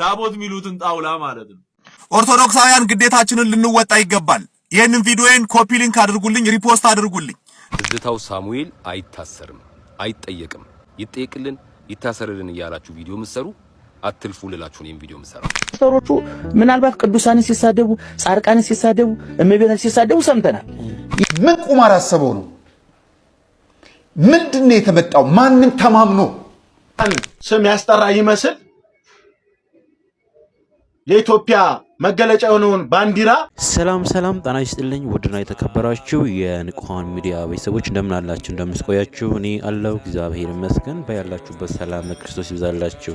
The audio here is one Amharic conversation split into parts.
ታቦት የሚሉትን ጣውላ ማለት ነው። ኦርቶዶክሳውያን ግዴታችንን ልንወጣ ይገባል። ይህንን ቪዲዮዬን ኮፒ ሊንክ አድርጉልኝ፣ ሪፖስት አድርጉልኝ። ትዝታው ሳሙኤል አይታሰርም፣ አይጠየቅም፣ ይጠየቅልን፣ ይታሰርልን እያላችሁ ቪዲዮ ምሰሩ አትልፉ ልላችሁ ነው ቪዲዮ ምሰራ። ፓስተሮቹ ምናልባት ቅዱሳንን ሲሳደቡ፣ ጻድቃንን ሲሳደቡ፣ እመቤታችን ሲሳደቡ ሰምተናል። ምን ቁማር አሰበው ነው? ነው የተመጣው? ማንን ተማምኖ ስም ያስጠራ ይመስል የኢትዮጵያ መገለጫ የሆነውን ባንዲራ። ሰላም ሰላም፣ ጤና ይስጥልኝ ውድና የተከበራችሁ የንቁሃን ሚዲያ ቤተሰቦች እንደምን አላችሁ? እንደምስቆያችሁ? እኔ አለው እግዚአብሔር ይመስገን። በያላችሁበት ሰላም ለክርስቶስ ይብዛላችሁ።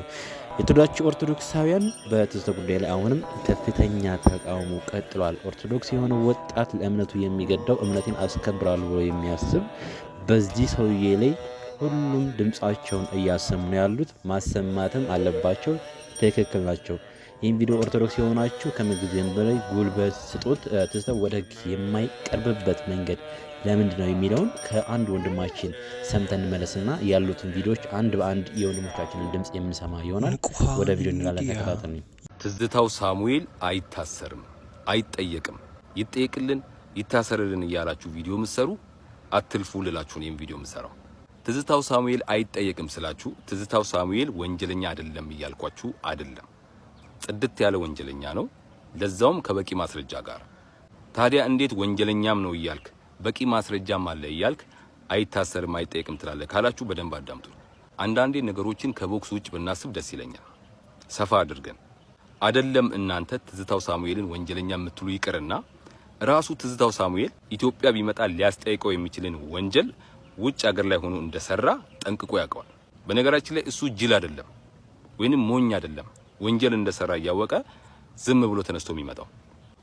የተወደዳችሁ ኦርቶዶክሳውያን በትዝተ ጉዳይ ላይ አሁንም ከፍተኛ ተቃውሞ ቀጥሏል። ኦርቶዶክስ የሆነ ወጣት ለእምነቱ የሚገዳው እምነቴን አስከብራል ብሎ የሚያስብ በዚህ ሰውዬ ላይ ሁሉም ድምፃቸውን እያሰሙ ነው ያሉት። ማሰማትም አለባቸው። ትክክል ናቸው። ይህም ቪዲዮ ኦርቶዶክስ የሆናችሁ ከምንጊዜም በላይ ጉልበት ስጡት። ትስተት ወደ ህግ የማይቀርብበት መንገድ ለምንድን ነው የሚለውን ከአንድ ወንድማችን ሰምተን እንመለስና ያሉትን ቪዲዮዎች አንድ በአንድ የወንድሞቻችንን ድምፅ የምንሰማ ይሆናል። ወደ ቪዲዮ እንላለን። ተከታተል። ትዝታው ሳሙኤል አይታሰርም፣ አይጠየቅም። ይጠየቅልን ይታሰርልን እያላችሁ ቪዲዮ ምሰሩ አትልፉ ልላችሁ ነው ቪዲዮ ምሰራው። ትዝታው ሳሙኤል አይጠየቅም ስላችሁ ትዝታው ሳሙኤል ወንጀለኛ አይደለም እያልኳችሁ አይደለም ጽድት ያለ ወንጀለኛ ነው፣ ለዛውም ከበቂ ማስረጃ ጋር። ታዲያ እንዴት ወንጀለኛም ነው እያልክ በቂ ማስረጃም አለ እያልክ አይታሰርም አይጠየቅም ትላለህ ካላችሁ በደንብ አዳምጡ። አንዳንዴ ነገሮችን ከቦክስ ውጭ ብናስብ ደስ ይለኛል፣ ሰፋ አድርገን አደለም። እናንተ ትዝታው ሳሙኤልን ወንጀለኛ የምትሉ ይቅርና ራሱ ትዝታው ሳሙኤል ኢትዮጵያ ቢመጣ ሊያስጠይቀው የሚችልን ወንጀል ውጭ ሀገር ላይ ሆኖ እንደሰራ ጠንቅቆ ያውቀዋል። በነገራችን ላይ እሱ ጅል አይደለም ወይንም ሞኝ አይደለም። ወንጀል እንደሰራ እያወቀ ዝም ብሎ ተነስቶ የሚመጣው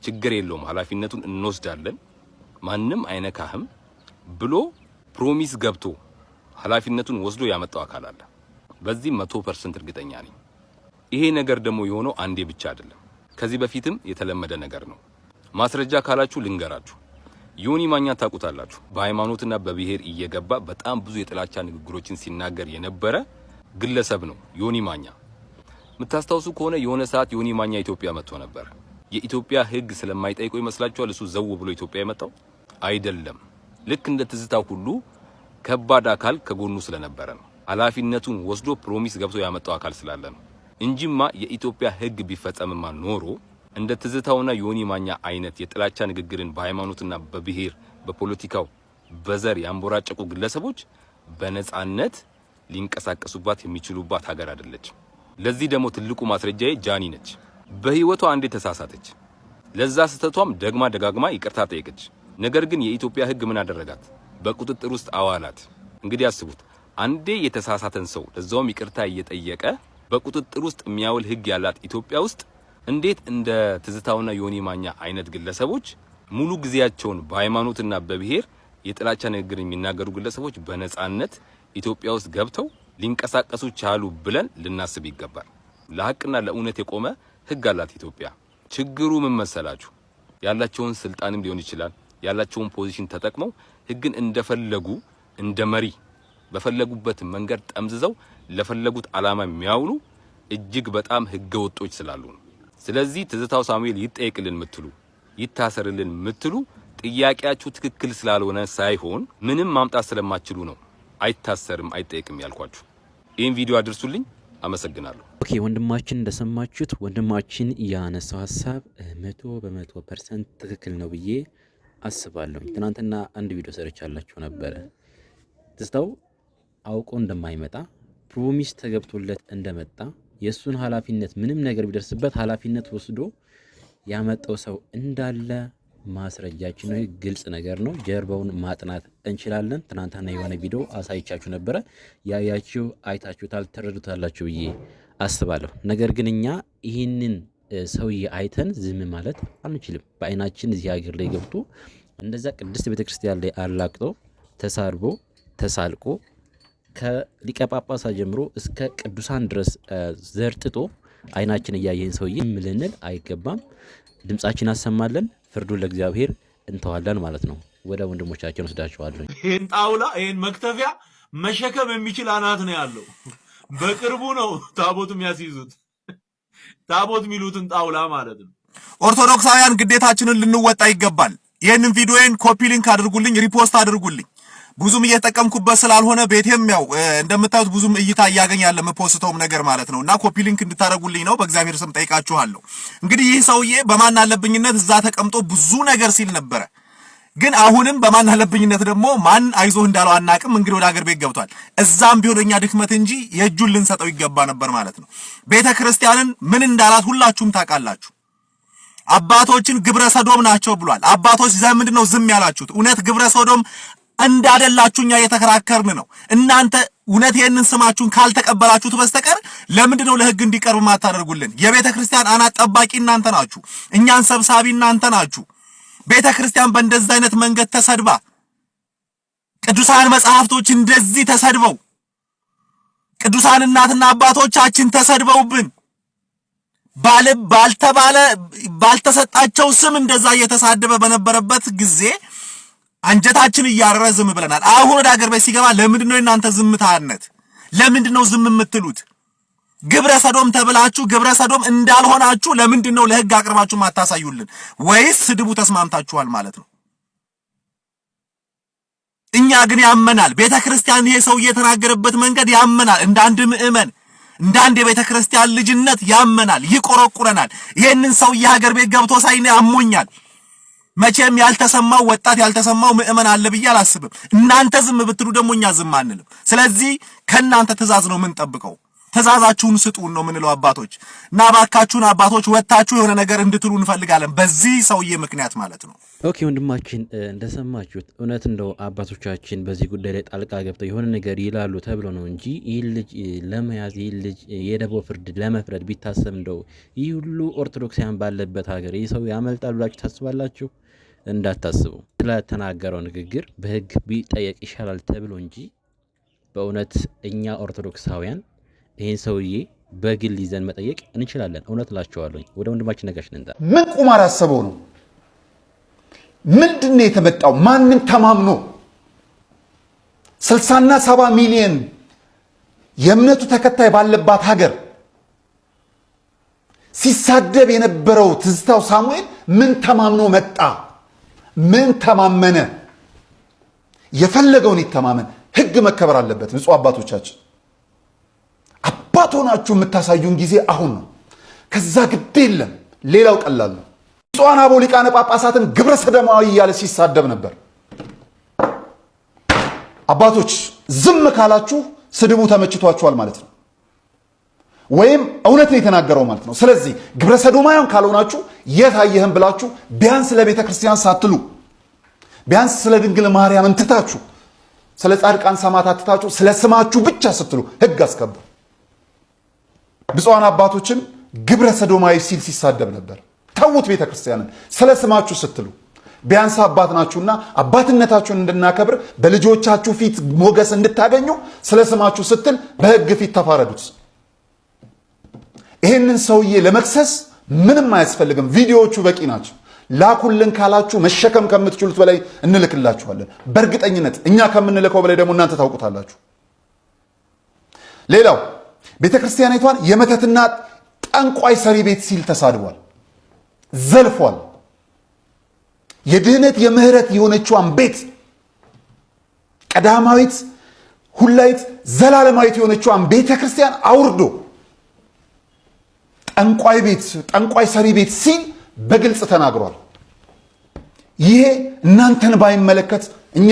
ችግር የለውም ኃላፊነቱን እንወስዳለን ማንም አይነካህም ብሎ ፕሮሚስ ገብቶ ኃላፊነቱን ወስዶ ያመጣው አካል አለ። በዚህ መቶ ፐርሰንት እርግጠኛ ነኝ። ይሄ ነገር ደግሞ የሆነው አንዴ ብቻ አይደለም፣ ከዚህ በፊትም የተለመደ ነገር ነው። ማስረጃ ካላችሁ ልንገራችሁ። ዮኒ ማኛ ታውቁታላችሁ። በሃይማኖትና በብሔር እየገባ በጣም ብዙ የጥላቻ ንግግሮችን ሲናገር የነበረ ግለሰብ ነው ዮኒ ማኛ። የምታስታውሱ ከሆነ የሆነ ሰዓት ዮኒ ማኛ ኢትዮጵያ መጥቶ ነበር። የኢትዮጵያ ሕግ ስለማይጠይቀው ይመስላችኋል እሱ ዘው ብሎ ኢትዮጵያ የመጣው አይደለም። ልክ እንደ ትዝታ ሁሉ ከባድ አካል ከጎኑ ስለነበረ ነው። ኃላፊነቱን ወስዶ ፕሮሚስ ገብቶ ያመጣው አካል ስላለ ነው እንጂማ የኢትዮጵያ ሕግ ቢፈጸምማ ኖሮ እንደ ትዝታውና ዮኒ ማኛ አይነት የጥላቻ ንግግርን በሃይማኖትና በብሔር በፖለቲካው በዘር ያንቦራጨቁ ግለሰቦች በነጻነት ሊንቀሳቀሱባት የሚችሉባት ሀገር አይደለችም። ለዚህ ደግሞ ትልቁ ማስረጃዬ ጃኒ ነች። በህይወቷ አንዴ ተሳሳተች። ለዛ ስህተቷም ደግማ ደጋግማ ይቅርታ ጠየቀች። ነገር ግን የኢትዮጵያ ህግ ምን አደረጋት? በቁጥጥር ውስጥ አዋላት። እንግዲህ አስቡት፣ አንዴ የተሳሳተን ሰው ለዛውም ይቅርታ እየጠየቀ በቁጥጥር ውስጥ የሚያውል ህግ ያላት ኢትዮጵያ ውስጥ እንዴት እንደ ትዝታውና ዮኒ ማኛ አይነት ግለሰቦች ሙሉ ጊዜያቸውን በሃይማኖትና በብሔር የጥላቻ ንግግር የሚናገሩ ግለሰቦች በነጻነት ኢትዮጵያ ውስጥ ገብተው ሊንቀሳቀሱ ቻሉ ብለን ልናስብ ይገባል። ለሀቅና ለእውነት የቆመ ህግ አላት ኢትዮጵያ። ችግሩ ምን መሰላችሁ? ያላቸውን ስልጣንም ሊሆን ይችላል ያላቸውን ፖዚሽን ተጠቅመው ህግን እንደፈለጉ እንደ መሪ በፈለጉበት መንገድ ጠምዝዘው ለፈለጉት አላማ የሚያውሉ እጅግ በጣም ህገ ወጦች ስላሉ ነው። ስለዚህ ትዝታው ሳሙኤል ይጠየቅልን ምትሉ ይታሰርልን ምትሉ ጥያቄያችሁ ትክክል ስላልሆነ ሳይሆን ምንም ማምጣት ስለማችሉ ነው። አይታሰርም አይጠየቅም ያልኳችሁ። ይህን ቪዲዮ አድርሱልኝ። አመሰግናለሁ። ኦኬ ወንድማችን እንደሰማችሁት ወንድማችን ያነሳው ሀሳብ መቶ በመቶ ፐርሰንት ትክክል ነው ብዬ አስባለሁ። ትናንትና አንድ ቪዲዮ ሰርቻላችሁ ነበረ። ትዝታው አውቆ እንደማይመጣ ፕሮሚስ ተገብቶለት እንደመጣ የእሱን ኃላፊነት ምንም ነገር ቢደርስበት ኃላፊነት ወስዶ ያመጣው ሰው እንዳለ ማስረጃችን ነው። ግልጽ ነገር ነው። ጀርባውን ማጥናት እንችላለን። ትናንትና የሆነ ቪዲዮ አሳይቻችሁ ነበረ። ያያችሁ አይታችሁታል፣ ተረዱታላችሁ ብዬ አስባለሁ። ነገር ግን እኛ ይህንን ሰውዬ አይተን ዝም ማለት አንችልም። በአይናችን እዚህ ሀገር ላይ ገብቶ እንደዛ ቅድስት ቤተክርስቲያን ላይ አላቅጦ ተሳርቦ ተሳልቆ ከሊቀ ጳጳሳ ጀምሮ እስከ ቅዱሳን ድረስ ዘርጥጦ አይናችን እያየን ሰውዬ ምልንል አይገባም። ድምጻችን አሰማለን። ፍርዱን ለእግዚአብሔር እንተዋለን ማለት ነው። ወደ ወንድሞቻችን ወስዳቸዋለሁ። ይህን ጣውላ ይህን መክተፊያ መሸከም የሚችል አናት ነው ያለው። በቅርቡ ነው ታቦት የሚያስይዙት፣ ታቦት የሚሉትን ጣውላ ማለት ነው። ኦርቶዶክሳውያን ግዴታችንን ልንወጣ ይገባል። ይህንን ቪዲዮን ኮፒ ሊንክ አድርጉልኝ፣ ሪፖስት አድርጉልኝ። ብዙም እየተጠቀምኩበት ስላልሆነ ቤቴም ያው እንደምታዩት ብዙም እይታ እያገኛለ የምፖስተውም ነገር ማለት ነው እና ኮፒ ሊንክ እንድታደርጉልኝ ነው በእግዚአብሔር ስም ጠይቃችኋለሁ። እንግዲህ ይህ ሰውዬ በማን አለብኝነት እዛ ተቀምጦ ብዙ ነገር ሲል ነበረ። ግን አሁንም በማን አለብኝነት ደግሞ ማን አይዞህ እንዳለው አናቅም። እንግዲህ ወደ አገር ቤት ገብቷል። እዛም ቢሆን እኛ ድክመት እንጂ የእጁን ልንሰጠው ይገባ ነበር ማለት ነው። ቤተ ክርስቲያንን ምን እንዳላት ሁላችሁም ታውቃላችሁ። አባቶችን ግብረ ሰዶም ናቸው ብሏል። አባቶች ዘ ነው ዝም ያላችሁት? እውነት ግብረ ሰዶም እንዳደላችሁ እኛ እየተከራከርን ነው። እናንተ እውነት ይህንን ስማችሁን ካልተቀበላችሁት በስተቀር ለምንድን ነው ለህግ እንዲቀርብ ማታደርጉልን? የቤተ ክርስቲያን አናት ጠባቂ እናንተ ናችሁ። እኛን ሰብሳቢ እናንተ ናችሁ። ቤተ ክርስቲያን በእንደዚህ አይነት መንገድ ተሰድባ፣ ቅዱሳን መጽሐፍቶች እንደዚህ ተሰድበው፣ ቅዱሳን እናትና አባቶቻችን ተሰድበውብን ባለ ባልተባለ ባልተሰጣቸው ስም እንደዛ እየተሳደበ በነበረበት ጊዜ አንጀታችን እያረረ ዝም ብለናል። አሁን ወደ ሀገር ቤት ሲገባ ለምንድን ነው የእናንተ ዝምታነት? ለምንድን ነው ዝም የምትሉት? ግብረ ሰዶም ተብላችሁ ግብረ ሰዶም እንዳልሆናችሁ ለምንድን ነው ለህግ አቅርባችሁ ማታሳዩልን? ወይስ ስድቡ ተስማምታችኋል ማለት ነው? እኛ ግን ያመናል። ቤተ ክርስቲያን ይሄ ሰው የተናገረበት መንገድ ያመናል። እንደ አንድ ምዕመን እንደ አንድ የቤተ ክርስቲያን ልጅነት ያመናል፣ ይቆረቁረናል። ይህንን ሰውዬ ሀገር ቤት ገብቶ ሳይኔ አሞኛል መቼም ያልተሰማው ወጣት ያልተሰማው ምእመን አለ ብዬ አላስብም። እናንተ ዝም ብትሉ ደግሞ እኛ ዝም አንልም። ስለዚህ ከእናንተ ትእዛዝ ነው የምንጠብቀው። ትእዛዛችሁን ስጡን ነው የምንለው አባቶች እና እባካችሁን አባቶች ወታችሁ የሆነ ነገር እንድትሉ እንፈልጋለን። በዚህ ሰውዬ ምክንያት ማለት ነው። ኦኬ ወንድማችን እንደሰማችሁት እውነት እንደው አባቶቻችን በዚህ ጉዳይ ላይ ጣልቃ ገብተው የሆነ ነገር ይላሉ ተብሎ ነው እንጂ ይህ ልጅ ለመያዝ ይህ ልጅ የደቦ ፍርድ ለመፍረድ ቢታሰብ እንደው ይህ ሁሉ ኦርቶዶክሳውያን ባለበት ሀገር ይህ ሰው ያመልጣል ብላችሁ ታስባላችሁ? እንዳታስቡ። ስለተናገረው ንግግር በህግ ቢጠየቅ ይሻላል ተብሎ እንጂ በእውነት እኛ ኦርቶዶክሳውያን ይህን ሰውዬ በግል ይዘን መጠየቅ እንችላለን። እውነት እላቸዋለሁ። ወደ ወንድማችን ነጋሽ ንንጣ ምን ቁማር አሰበው ነው? ምንድን ነው የተመጣው? ማንን ተማምኖ ስልሳና ሰባ ሚሊየን የእምነቱ ተከታይ ባለባት ሀገር ሲሳደብ የነበረው ትዝታው ሳሙኤል ምን ተማምኖ መጣ? ምን ተማመነ? የፈለገውን ይተማመን። ህግ መከበር አለበት። ብፁዕ አባቶቻችን አባት ሆናችሁ የምታሳዩን ጊዜ አሁን ነው። ከዛ ግድ የለም። ሌላው ቀላል ነው። ብፁዓን አበው ሊቃነ ጳጳሳትን ግብረ ሰደማዊ እያለ ሲሳደብ ነበር። አባቶች ዝም ካላችሁ ስድቡ ተመችቷችኋል ማለት ነው። ወይም እውነትን የተናገረው ማለት ነው። ስለዚህ ግብረ ሰዶማውያን ካልሆናችሁ የት አየህም ብላችሁ ቢያንስ ለቤተ ክርስቲያን ሳትሉ ቢያንስ ስለ ድንግል ማርያም እንትታችሁ ስለ ጻድቃን ሰማት አትታችሁ ስለ ስማችሁ ብቻ ስትሉ ህግ አስከብሩ። ብፁዓን አባቶችን ግብረ ሰዶማዊ ሲል ሲሳደብ ነበር። ተዉት፣ ቤተ ክርስቲያንን ስለ ስማችሁ ስትሉ ቢያንስ አባት ናችሁና አባትነታችሁን እንድናከብር በልጆቻችሁ ፊት ሞገስ እንድታገኙ ስለ ስማችሁ ስትል በህግ ፊት ተፋረዱት። ይህንን ሰውዬ ለመክሰስ ምንም አያስፈልግም። ቪዲዮዎቹ በቂ ናቸው። ላኩልን ካላችሁ መሸከም ከምትችሉት በላይ እንልክላችኋለን። በእርግጠኝነት እኛ ከምንልከው በላይ ደግሞ እናንተ ታውቁታላችሁ። ሌላው ቤተ ክርስቲያኒቷን የመተትና ጠንቋይ ሰሪ ቤት ሲል ተሳድቧል፣ ዘልፏል። የድህነት የምህረት የሆነችዋን ቤት ቀዳማዊት ሁላይት ዘላለማዊት የሆነችዋን ቤተ ክርስቲያን አውርዶ ጠንቋይ ቤት ጠንቋይ ሰሪ ቤት ሲል በግልጽ ተናግሯል። ይሄ እናንተን ባይመለከት እኛ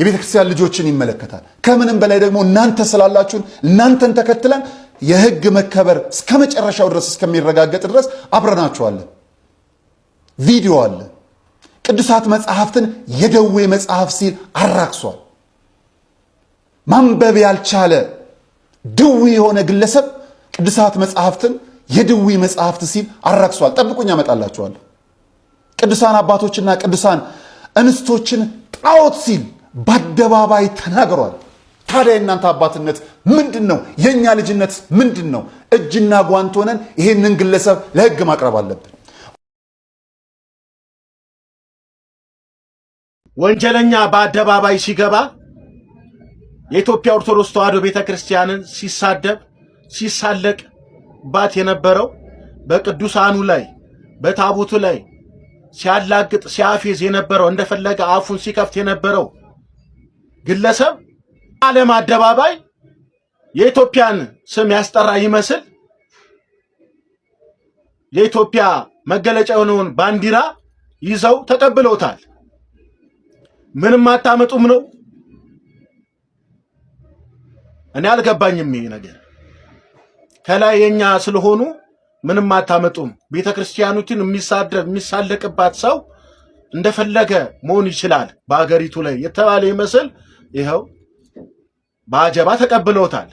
የቤተ ክርስቲያን ልጆችን ይመለከታል። ከምንም በላይ ደግሞ እናንተ ስላላችሁን እናንተን ተከትለን የህግ መከበር እስከ መጨረሻው ድረስ እስከሚረጋገጥ ድረስ አብረናችኋለን። ቪዲዮ አለ። ቅዱሳት መጽሐፍትን የደዌ መጽሐፍ ሲል አራክሷል። ማንበብ ያልቻለ ድዊ የሆነ ግለሰብ ቅዱሳት መጽሐፍትን የድዊ መጽሐፍት ሲል አራክሷል። ጠብቁኝ ያመጣላችኋለሁ። ቅዱሳን አባቶችና ቅዱሳን እንስቶችን ጣዖት ሲል በአደባባይ ተናግሯል። ታዲያ የእናንተ አባትነት ምንድን ነው? የእኛ ልጅነት ምንድን ነው? እጅና ጓንት ሆነን ይህንን ግለሰብ ለሕግ ማቅረብ አለብን። ወንጀለኛ በአደባባይ ሲገባ የኢትዮጵያ ኦርቶዶክስ ተዋሕዶ ቤተ ክርስቲያንን ሲሳደብ ሲሳለቅ ባት የነበረው በቅዱሳኑ ላይ በታቦቱ ላይ ሲያላግጥ ሲያፌዝ የነበረው እንደፈለገ አፉን ሲከፍት የነበረው ግለሰብ ዓለም አደባባይ የኢትዮጵያን ስም ያስጠራ ይመስል የኢትዮጵያ መገለጫ የሆነውን ባንዲራ ይዘው ተቀብለውታል። ምንም አታመጡም ነው። እኔ አልገባኝም ይሄ ነገር። ከላይ የኛ ስለሆኑ ምንም አታመጡም። ቤተ ክርስቲያኖችን የሚሳደብ የሚሳለቅባት ሰው እንደፈለገ መሆን ይችላል በአገሪቱ ላይ የተባለ ይመስል ይኸው በአጀባ ተቀብለውታል።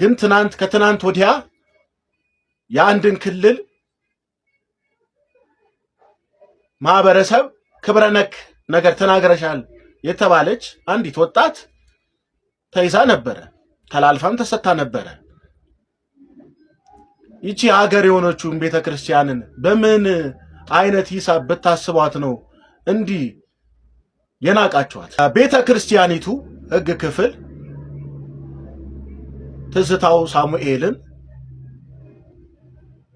ግን ትናንት ከትናንት ወዲያ የአንድን ክልል ማህበረሰብ ክብረ ነክ ነገር ተናግረሻል የተባለች አንዲት ወጣት ተይዛ ነበረ። ተላልፋም ተሰጥታ ነበረ። ይቺ አገር የሆነችውን ቤተ ክርስቲያንን በምን አይነት ሂሳብ ብታስቧት ነው እንዲህ የናቃችኋት? ቤተ ክርስቲያኒቱ ሕግ ክፍል ትዝታው ሳሙኤልን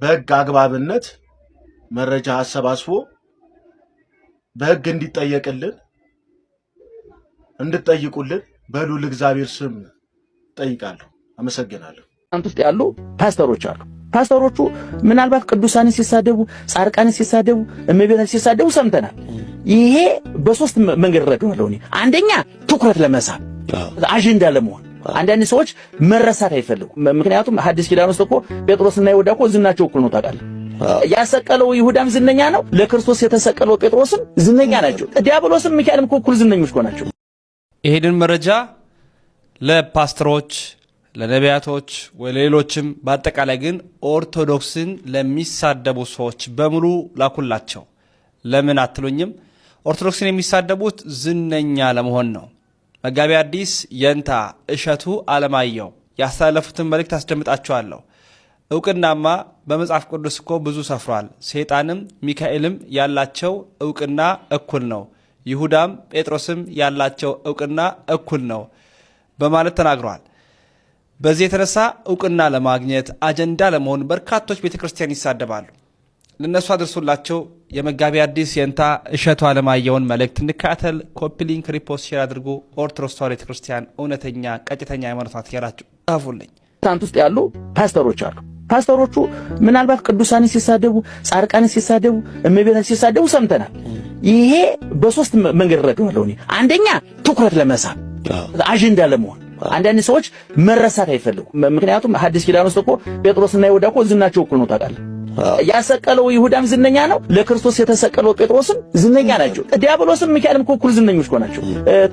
በሕግ አግባብነት መረጃ አሰባስቦ በሕግ እንዲጠየቅልን እንድጠይቁልን በሉል እግዚአብሔር ስም ጠይቃለሁ። አመሰግናለሁ። አንተ ውስጥ ያሉ ፓስተሮች አሉ ፓስተሮቹ ምናልባት ቅዱሳንን ሲሳደቡ፣ ጻድቃንን ሲሳደቡ፣ እመቤታን ሲሳደቡ ሰምተናል። ይሄ በሶስት መንገድ እረዳዋለሁ እኔ። አንደኛ ትኩረት ለመሳብ አጀንዳ ለመሆን አንዳንድ ሰዎች መረሳት አይፈልጉም። ምክንያቱም ሐዲስ ኪዳን ውስጥ እኮ ጴጥሮስና ይሁዳ እኮ ዝናቸው እኩል ነው ታውቃለህ። ያሰቀለው ይሁዳም ዝነኛ ነው፣ ለክርስቶስ የተሰቀለው ጴጥሮስም ዝነኛ ናቸው። ዲያብሎስም ሚካኤልም እኩል ዝነኞች እኮ ናቸው። ይሄንን መረጃ ለፓስተሮች ለነቢያቶች ሌሎችም በአጠቃላይ ግን ኦርቶዶክስን ለሚሳደቡ ሰዎች በሙሉ ላኩላቸው። ለምን አትሉኝም? ኦርቶዶክስን የሚሳደቡት ዝነኛ ለመሆን ነው። መጋቢ አዲስ የንታ እሸቱ አለማየሁ ያስተላለፉትን መልእክት አስደምጣችኋለሁ። እውቅናማ በመጽሐፍ ቅዱስ እኮ ብዙ ሰፍሯል። ሰይጣንም ሚካኤልም ያላቸው እውቅና እኩል ነው፣ ይሁዳም ጴጥሮስም ያላቸው እውቅና እኩል ነው በማለት ተናግሯል። በዚህ የተነሳ እውቅና ለማግኘት አጀንዳ ለመሆን በርካቶች ቤተ ክርስቲያን ይሳደባሉ። ለእነሱ አድርሶላቸው የመጋቢ አዲስ የእንታ እሸቱ አለማየውን መልእክት እንካተል። ኮፒሊንክ ሪፖስት ሼር አድርጎ ኦርቶዶክስ ተዋሕዶ ቤተ ክርስቲያን እውነተኛ ቀጭተኛ ሃይማኖት ናት ያላችሁ ጻፉልኝ። ሳንት ውስጥ ያሉ ፓስተሮች አሉ። ፓስተሮቹ ምናልባት ቅዱሳን ሲሳደቡ፣ ጻድቃን ሲሳደቡ፣ እመቤታን ሲሳደቡ ሰምተናል። ይሄ በሶስት መንገድ ረገዋለሁ። አንደኛ ትኩረት ለመሳብ አጀንዳ ለመሆን አንዳንድ ሰዎች መረሳት አይፈልጉ። ምክንያቱም ሐዲስ ኪዳን ውስጥ እኮ ጴጥሮስና ይሁዳ እኮ ዝናቸው እኩል ነው ታውቃለህ። ያሰቀለው ይሁዳም ዝነኛ ነው። ለክርስቶስ የተሰቀለው ጴጥሮስም ዝነኛ ናቸው። ዲያብሎስም ሚካኤልም እኮ እኩል ዝነኞች እኮ ናቸው።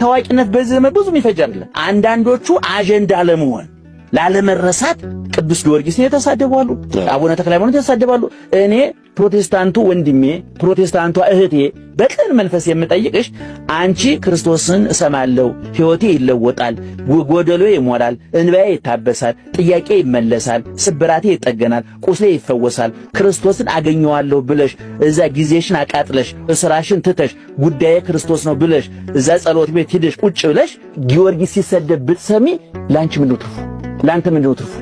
ታዋቂነት በዚህ ዘመን ብዙም ይፈጃል። አንዳንዶቹ አጀንዳ ለመሆን ላለመረሳት ቅዱስ ጊዮርጊስን የተሳደቡ አሉ። አቡነ ተክለ ሃይማኖት የተሳደባሉ። እኔ ፕሮቴስታንቱ ወንድሜ፣ ፕሮቴስታንቷ እህቴ በቅን መንፈስ የምጠይቅሽ አንቺ ክርስቶስን እሰማለሁ፣ ሕይወቴ ይለወጣል፣ ጎደሎ ይሞላል፣ እንባዬ ይታበሳል፣ ጥያቄ ይመለሳል፣ ስብራቴ ይጠገናል፣ ቁስሌ ይፈወሳል፣ ክርስቶስን አገኘዋለሁ ብለሽ እዛ ጊዜሽን አቃጥለሽ እስራሽን ትተሽ ጉዳዬ ክርስቶስ ነው ብለሽ እዛ ጸሎት ቤት ሂደሽ ቁጭ ብለሽ ጊዮርጊስ ሲሰደብ ብትሰሚ ለአንቺ ምንድነው ትርፉ? ለአንተ ምንድነው ትርፉ?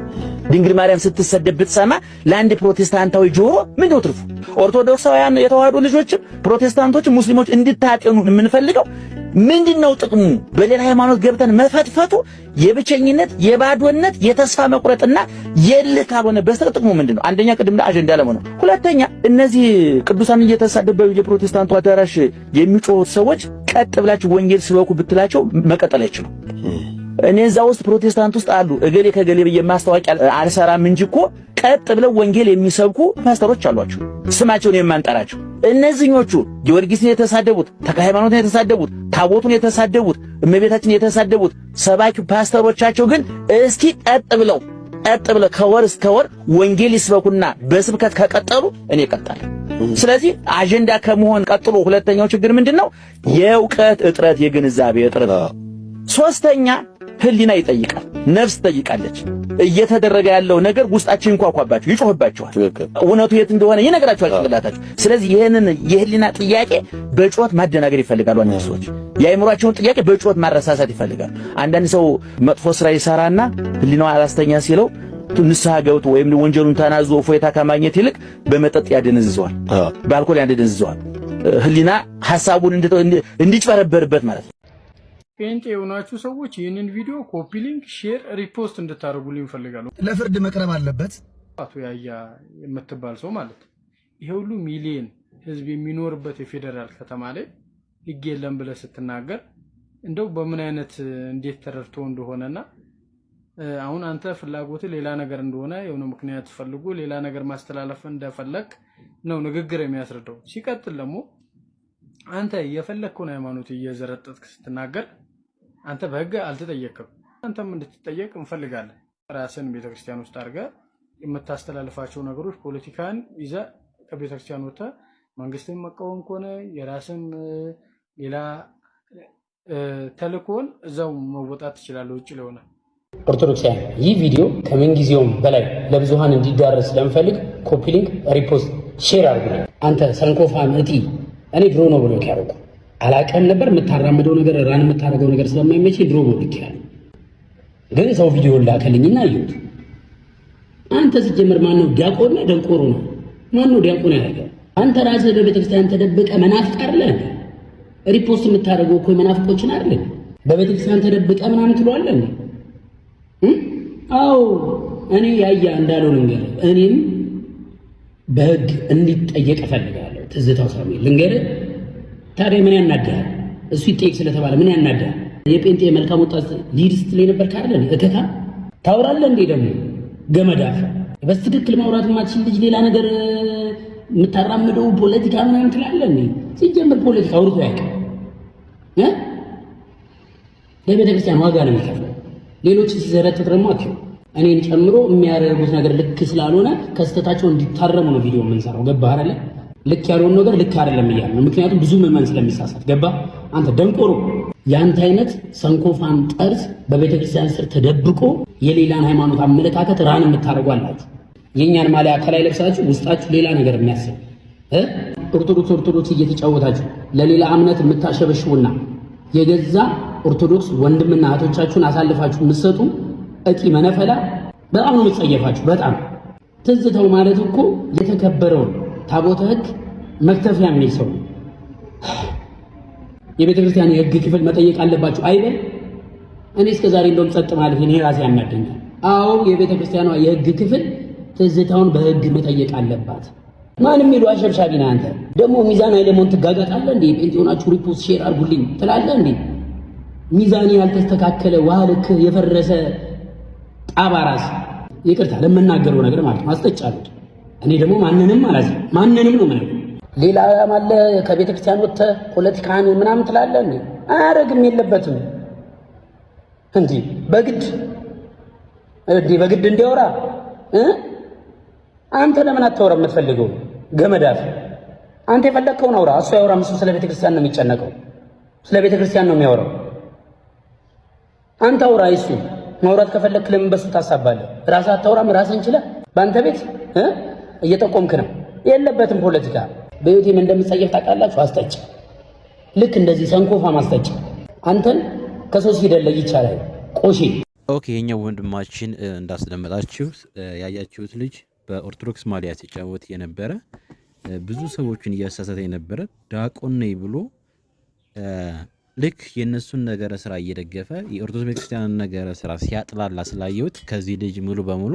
ድንግል ማርያም ስትሰደብ ብትሰማ ለአንድ ፕሮቴስታንታዊ ጆሮ ነው ትርፉ? ኦርቶዶክሳውያን የተዋህዶ ልጆችም ፕሮቴስታንቶች ሙስሊሞች እንድታጤኑ የምንፈልገው ምንድነው ጥቅሙ? በሌላ ሃይማኖት ገብተን መፈትፈቱ የብቸኝነት፣ የባዶነት፣ የተስፋ መቁረጥና የልህ ካልሆነ በስተቀር ጥቅሙ ምንድነው? አንደኛ ቅድም አጀንዳ ለመሆኑ፣ ሁለተኛ እነዚህ ቅዱሳን እየተሳደበው የፕሮቴስታንቱ አዳራሽ የሚጮሁት ሰዎች ቀጥ ብላችሁ ወንጌል ስበኩ ብትላቸው መቀጠል አይችሉም። እኔ እዛ ውስጥ ፕሮቴስታንት ውስጥ አሉ። እገሌ ከገሌ ብዬ ማስታወቂያ አልሰራም እንጂ እኮ ቀጥ ብለው ወንጌል የሚሰብኩ ፓስተሮች አሏቸው፣ ስማቸውን የማንጠራቸው እነዚህኞቹ ጊዮርጊስን የተሳደቡት፣ ተክለ የተሳደቡት፣ ታቦቱን የተሳደቡት፣ እመቤታችን የተሳደቡት ሰባኪ ፓስተሮቻቸው ግን እስኪ ቀጥ ብለው ቀጥ ብለው ከወር እስከ ወር ወንጌል ይስበኩና በስብከት ከቀጠሉ እኔ እቀጣለሁ። ስለዚህ አጀንዳ ከመሆን ቀጥሎ ሁለተኛው ችግር ምንድን ነው? የእውቀት እጥረት፣ የግንዛቤ እጥረት ሶስተኛ ህሊና ይጠይቃል። ነፍስ ትጠይቃለች። እየተደረገ ያለው ነገር ውስጣችን ይንኳኳባቸው፣ ይጮህባችኋል። እውነቱ የት እንደሆነ ይነግራችኋል ጭንቅላታቸው። ስለዚህ ይህንን የህሊና ጥያቄ በጩኸት ማደናገር ይፈልጋሉ አንዳንድ ሰዎች። የአእምሯቸውን ጥያቄ በጩኸት ማረሳሳት ይፈልጋሉ። አንዳንድ ሰው መጥፎ ስራ ይሰራና ህሊናው አላስተኛ ሲለው ንስሐ ገብቶ ወይም ወንጀሉን ተናዞ እፎይታ ከማግኘት ይልቅ በመጠጥ ያደነዝዘዋል፣ በአልኮል ያደነዝዘዋል። ህሊና ሐሳቡን እንዲጭበረበርበት ማለት ነው። ጴንጤ የሆናችሁ ሰዎች ይህንን ቪዲዮ ኮፒ ሊንክ፣ ሼር፣ ሪፖስት እንድታደርጉልኝ እፈልጋለሁ። ለፍርድ መቅረብ አለበት አቶ ያያ የምትባል ሰው ማለት ይሄ ሁሉ ሚሊየን ህዝብ የሚኖርበት የፌዴራል ከተማ ላይ ህግ የለም ብለህ ስትናገር እንደው በምን አይነት እንዴት ተረድቶ እንደሆነና አሁን አንተ ፍላጎት ሌላ ነገር እንደሆነ የሆነ ምክንያት ፈልጎ ሌላ ነገር ማስተላለፍ እንደፈለግ ነው ንግግር የሚያስረዳው። ሲቀጥል ደግሞ አንተ የፈለግከውን ሃይማኖት እየዘረጠጥክ ስትናገር አንተ በህግ አልተጠየቅም። አንተም እንድትጠየቅ እንፈልጋለን። ራስን ቤተክርስቲያን ውስጥ አድርገህ የምታስተላልፋቸው ነገሮች ፖለቲካን ይዘህ ከቤተክርስቲያን ወጥተህ መንግስትን መቃወም ከሆነ የራስን ሌላ ተልኮን እዛው መወጣት ትችላለህ። ውጭ ለሆነ ኦርቶዶክሳውያን ይህ ቪዲዮ ከምንጊዜውም በላይ ለብዙሀን እንዲዳረስ ለምፈልግ ኮፒ ሪፖስት፣ ሼር አርጉ። አንተ ሰንኮፋ ምእጢ እኔ ድሮ ነው ብሎ ያደርጉ አላቀም ነበር የምታራምደው ነገር ራን የምታደርገው ነገር ስለማይመች ድሮ ቦልክ ያለ ግን ሰው ቪዲዮ ላከልኝና አየሁት። አንተ ስጀምር ማነው ነው ዲያቆን ነው ደንቆሮ ነው? ማን ነው ዲያቆን ያደረገው? አንተ ራስህ በቤተክርስቲያን ተደብቀ መናፍቅ አይደለህ? ሪፖስት የምታደርገው እኮ መናፍቆችን አይደለህ? በቤተክርስቲያን ተደብቀ ምናምን ትሏለን። አዎ እኔ ያያ እንዳለው ልንገር፣ እኔም በህግ እንዲጠየቅ እፈልጋለሁ። ትዝታው ሳሚ ልንገርህ ታዲያ ምን ያናዳል? እሱ ይጠይቅ ስለተባለ ምን ያናዳል? የጴንጤ መልካም ወጣት ሊድ ስትል ነበር ካለ እከታ ታውራለህ እንዴ? ደግሞ ገመዳፍ በስትክክል ማውራት የማትችል ልጅ ሌላ ነገር የምታራምደው ፖለቲካ ምናምን ትላለህ። ሲጀምር ፖለቲካ አውርቶ ያውቃል። ለቤተክርስቲያን ዋጋ ነው የሚከፍለው። ሌሎች ሲዘረጥጥ ደግሞ አቸው እኔን ጨምሮ የሚያደርጉት ነገር ልክ ስላልሆነ ከስተታቸው እንዲታረሙ ነው ቪዲዮ የምንሰራው። ገባህ አይደለ? ልክ ያለውን ነገር ልክ አይደለም እያለ ነው። ምክንያቱም ብዙ ምዕመን ስለሚሳሳት ገባ። አንተ ደንቆሮ፣ የአንተ አይነት ሰንኮፋን ጠርዝ በቤተክርስቲያን ስር ተደብቆ የሌላን ሃይማኖት አመለካከት ራን የምታደርጉ አላችሁ። የእኛን ማሊያ ከላይ ለብሳችሁ ውስጣችሁ ሌላ ነገር የሚያስብ ኦርቶዶክስ ኦርቶዶክስ እየተጫወታችሁ ለሌላ እምነት የምታሸበሽቡና የገዛ ኦርቶዶክስ ወንድምና እህቶቻችሁን አሳልፋችሁ የምትሰጡ እቂ መነፈላ በጣም ነው የምትጸየፋችሁ። በጣም ትዝተው ማለት እኮ የተከበረውን ታቦተ ሕግ መክተፍ የሚል ሰው የቤተ ክርስቲያን የህግ ክፍል መጠየቅ አለባችሁ አይደል? እኔ እስከ ዛሬ እንደውም ጸጥ ማለት እኔ ራሴ ያናደኛል። አዎ የቤተ ክርስቲያኗ የህግ ክፍል ትዝታውን በህግ መጠየቅ አለባት። ማን የሚሉ አሸብሻቢ ነህ አንተ። ደግሞ ሚዛን አይለመሆን ትጋጋጣለህ እንዴ? ጴንጤ ሆናችሁ ሪፖስት ሼር አድርጉልኝ ትላለህ እንዴ? ሚዛን ያልተስተካከለ ዋልክ የፈረሰ ጣባ ራስ። ይቅርታ ለምናገረው ነገር ማለት ነው። አስጠጫለሁ። እኔ ደግሞ ማንንም ማለት ማንንም ነው ምናምን ሌላ አለ ከቤተ ክርስቲያን ፖለቲካ ፖለቲካን ምናምን ትላለ እንዴ አያረግም የለበትም እንዲ በግድ እንዲ በግድ እንዲያወራ አንተ ለምን አታወራ? የምትፈልገው ገመዳፍ አንተ የፈለግከውን አውራ። እሱ ያወራም። እሱ ስለ ቤተ ክርስቲያን ነው የሚጨነቀው፣ ስለ ቤተ ክርስቲያን ነው የሚያወራው። አንተ አውራ። እሱ ማውራት ከፈለግክ ለምን በሱ ታሳባለህ? ራስህ አታውራም? ራስህን ችለህ በአንተ ቤት እየጠቆምክ ነው። የለበትም ፖለቲካ በህይወቴም እንደምጸየፍ ታውቃላችሁ። አስጠጭ ልክ እንደዚህ ሰንኮፋ ማስጠጭ አንተን ከሶስት ፊደል ለይ ይቻላል ቆሼ ኦኬ። የኛው ወንድማችን እንዳስደመጣችሁ ያያችሁት ልጅ በኦርቶዶክስ ማሊያ ሲጫወት የነበረ ብዙ ሰዎችን እያሳሳተ የነበረ ዲያቆን ነኝ ብሎ ልክ የእነሱን ነገረ ስራ እየደገፈ የኦርቶዶክስ ቤተክርስቲያንን ነገረ ስራ ሲያጥላላ ስላየሁት ከዚህ ልጅ ሙሉ በሙሉ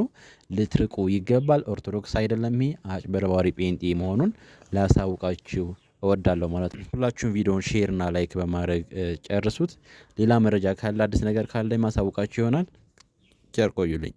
ልትርቁ ይገባል። ኦርቶዶክስ አይደለም፣ ይሄ አጭበርባሪ ጴንጤ መሆኑን ላሳውቃችሁ እወዳለሁ ማለት ነው። ሁላችሁም ሼር ሼርና ላይክ በማድረግ ጨርሱት። ሌላ መረጃ ካለ አዲስ ነገር ካለ ማሳውቃችሁ ይሆናል። ጨርቆዩልኝ